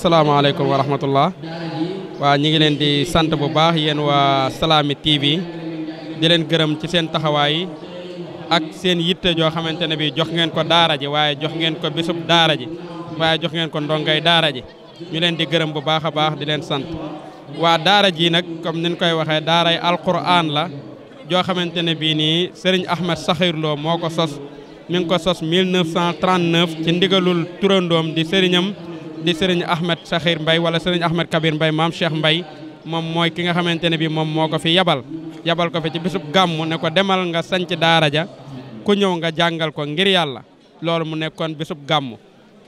salaamaaleykum wa rahmatullah waa ñi ngi leen di sant bu baax yéen waa Salaami TV di leen gërëm ci seen taxawaay ak seen yitte joo xamante ne bii jox ngeen ko daara ji waaye jox ngeen ko bésub daara ji waaye jox ngeen ko ndongay daara ji ñu leen di gërëm bu baax a baax di leen sant waa daara ji nag comme niñ koy waxee daaray alquran la joo xamante ne bii nii sëriñ Ahmed Sakhir moo ko sos mi ngi ko sos 1939 ci ndigalul turandoom di sëriñam di sëriñ Ahmed Sakhir Mbay wala sëriñ Ahmed Kabir Mbay maam Cheikh Mbay moom mooy ki nga xamante ne bi moom moo ko fi yabal yabal ko fi ci bisub gàmm ne ko demal nga sanc daara ja ku ñëw nga jàngal ko ngir yàlla loolu mu nekkoon bisub gàmm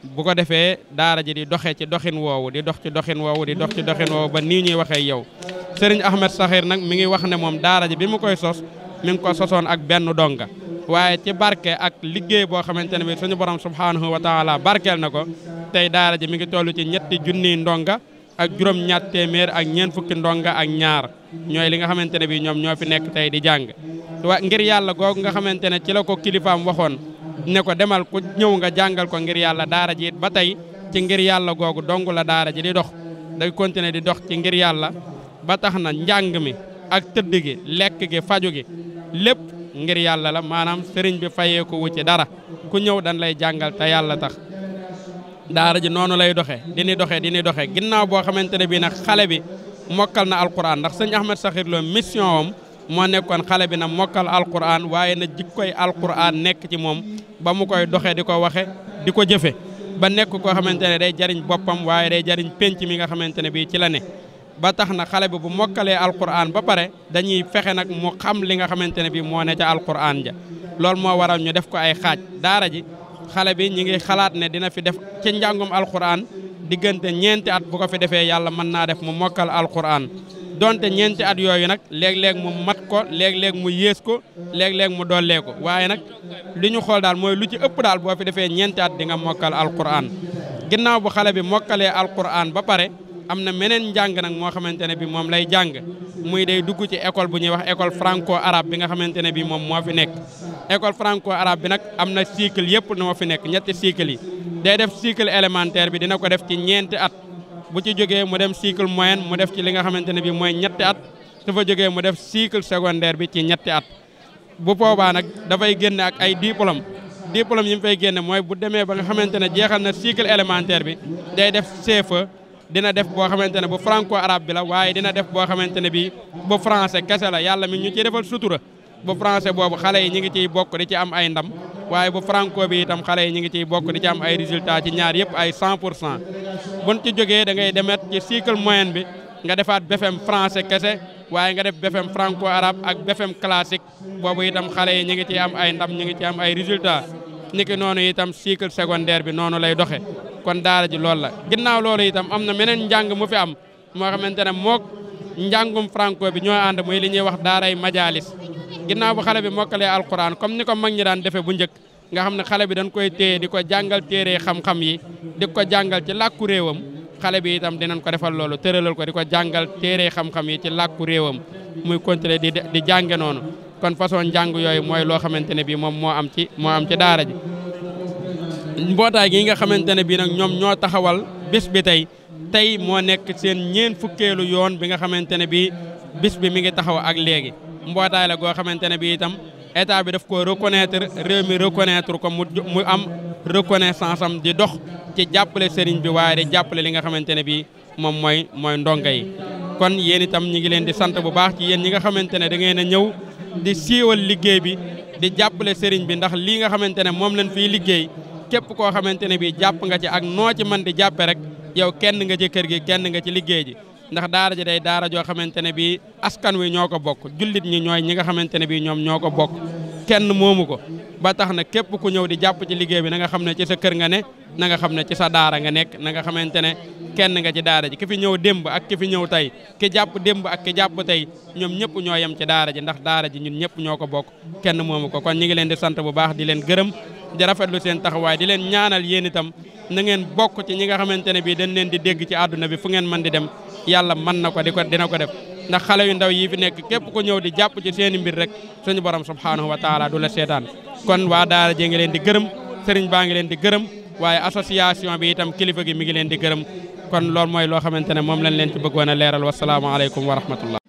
bu ko defee daara ji di doxee ci doxin woowu di dox ci doxin woowu di dox ci doxin woowu ba nii ñuy waxee yow sëriñ Ahmed Sakhir nag mi ngi wax ne moom daara ji bi mu koy sos mi ngi ko sosoon ak benn donga waaye ci barke ak liggéey boo xamante ne bi suñu borom subhaanahu wa taala barkeel na ko tey daara mi ngi toll ci ñetti junniy ndonga ak juróom ñaat téeméer ak ñeent fukki ndonga ak ñaar ñooy li nga xamante ne bi ñoom ñoo fi nekk tey di jàng wa ngir yàlla googu nga xamante ne ci la ko kilifaam waxoon ne ko demal ku ñëw nga jàngal ko ngir yàlla daara ji ba tey ci ngir yàlla googu dong la daara ji di dox day continuer di dox ci ngir yàlla ba tax na njàng mi ak tëdd gi lekk gi lépp ngir yàlla la maanaam sëriñ bi fayee ko ci dara ku ñëw dan lay jàngal te yàlla tax daara ji noonu lay doxe di ni doxe di doxe ginnaaw boo xamante ne bii nag xale bi mokkal na alquran ndax sëñ Ahmed Sakhir Lo mission moo nekkoon xale bi na mokkal alquran waaye na jikkoy alquran nekk ci moom ba mu koy doxe di ko waxe di ko jëfe ba nekk koo xamante ne day jariñ boppam waaye day jariñ penc mi nga xamante ne bii ci la ne ba tax na xale bi bu mokkalee alquran ba pare dañuy fexe nag mu xam li nga xamante ne bii moo ne ca alquran ja loolu moo waral ñu def ko ay xaaj daara ji xale bi ñi ngi xalaat ne dina fi def ci njàngum alxuraan diggante ñeenti at bu ko fi defee yàlla mën naa def mu mokkal alquran donte ñeenti at yooyu nag léeg-léeg mu mat ko léeg-léeg mu yées ko léeg-léeg mu dollee ko waaye nag li ñu xool daal mooy lu ci ëpp daal boo fi defee ñeenti at di nga mokkal alquran ba pare am na meneen njàng nag moo xamante ne bi moom lay jàng muy day dugg ci école bu ñuy wax école franco arabe bi nga xamante ne bi moom moo fi nekk école franco arab bi nag am na cycle yëpp moo fi nekk ñetti cycle yi day def cycle élémentaire bi dina ko def ci ñeenti at bu ci jógee mu dem cycle moyen mu def ci li nga xamante ne bi mooy ñetti at su fa jógee mu def cycle secondaire bi ci ñetti at bu boobaa nag dafay génne ak ay diplôme diplôme yi mu fay génne mooy bu demee ba nga xamante ne jeexal na cycle élémentaire bi day def CFEE dina def boo xamante ne bu franco arabe bi la waaye dina def boo xamante ne bi bu français kese la yàlla mi ñu ciy defal sutura bu français boobu xale yi ñu ngi ciy bokk di ci am ay ndam waaye bu franco bi itam xale yi ñu ngi ciy bokk di ci am ay résultat ci ñaar yëpp ay 100 pour cent buñ ci jógee da ngay demet ci cycle moyen bi nga defaat BFEM français kese waaye nga def BFEM franco arabe ak BFEM classique boobu itam xale yi ñu ngi ciy am ay ndam ñu ngi ciy ay résultat niki noonu itam cycle secondaire bi noonu lay doxe kon daara ji loolu la ginnaaw loolu itam am na meneen njàng mu fi am moo xamante ne mook njàngum franco bi ñoo ànd muy li ñuy wax daaray majalis ginnaaw bu xale bi mokkalee alquran comme ni ko mag ñi daan defee bu njëkk nga xam ne xale bi dañ koy téye di ko jàngal téere xam-xam yi di ko jàngal ci làkku réewam xale bi itam dinañ ko defal loolu tëralal ko di ko jàngal téere xam-xam yi ci làkku réewam muy continuer di di jànge noonu kon façon njàng yooyu mooy loo xamante ne bii moom moo am ci moo am ci daara ji mbootaay gi nga xamante ne bii nag ñoom ñoo taxawal bis bi tey tey moo nekk seen ñeen fukkeelu yoon bi nga xamante ne bii bis bi mi ngi taxaw ak léegi mbootaay la goo xamante ne bii itam état bi daf ko reconnaître réew mi reconnaître ko mu mu am reconnaissance am di dox ci jàppale sëriñ bi waaye di jàppale li nga xamante ne bii moom mooy mooy ndongo yi kon yéen itam ñi ngi leen di sant bu baax ci yéen ñi nga xamante ne da ngeen a ñëw di siiwal liggéey bi di jàppale sëriñ bi ndax lii nga xamante ne moom lañ fiy liggéey képp koo xamante ne bii jàpp nga ci ak noo ci mën di jàppe rek yow kenn nga ci kër gi kenn nga ci liggéey ji ndax daara day daara joo xamante ne bii askan wi ñoo ko bokk jullit ñi ñooy ñi nga xamante ne bii ñoom ñoo ko bokk kenn moomu ko ba tax na képp ku ñëw di jàpp ci liggéey bi nanga xam ne ci sa kër nga ne nanga xam ne ci sa daara nga nekk nanga nga xamante ne kenn nga ci daara ji ki fi ñëw démb ak ki fi ñëw tey ki jàpp démb ak ki jàpp tey ñoom ñëpp ñoo yem ci daara ji ndax daara ji ñun ñëpp ñoo ko bokk kenn moomu ko kon ñu ngi leen di sant bu baax di leen gërëm di rafetlu seen taxawaay di leen ñaanal yéen itam na ngeen bokk ci ñi nga xamante ne bii dañ leen di dégg ci àdduna bi fu ngeen mën di dem yàlla mën na ko di ko dina ko def ndax xale yu ndaw yi fi nekk képp ku ñëw di jàpp ci seen mbir rek suñu borom subhaanahu wa taala du la seetaan kon waa daara jee ngi leen di gërëm sëriñ baa ngi leen di gërëm waaye association bi itam kilifa gi mi ngi leen di gërëm kon loolu mooy loo xamante ne moom lañ leen ci bëggoon a leeral wasalaamaaleykum wa rahmatullah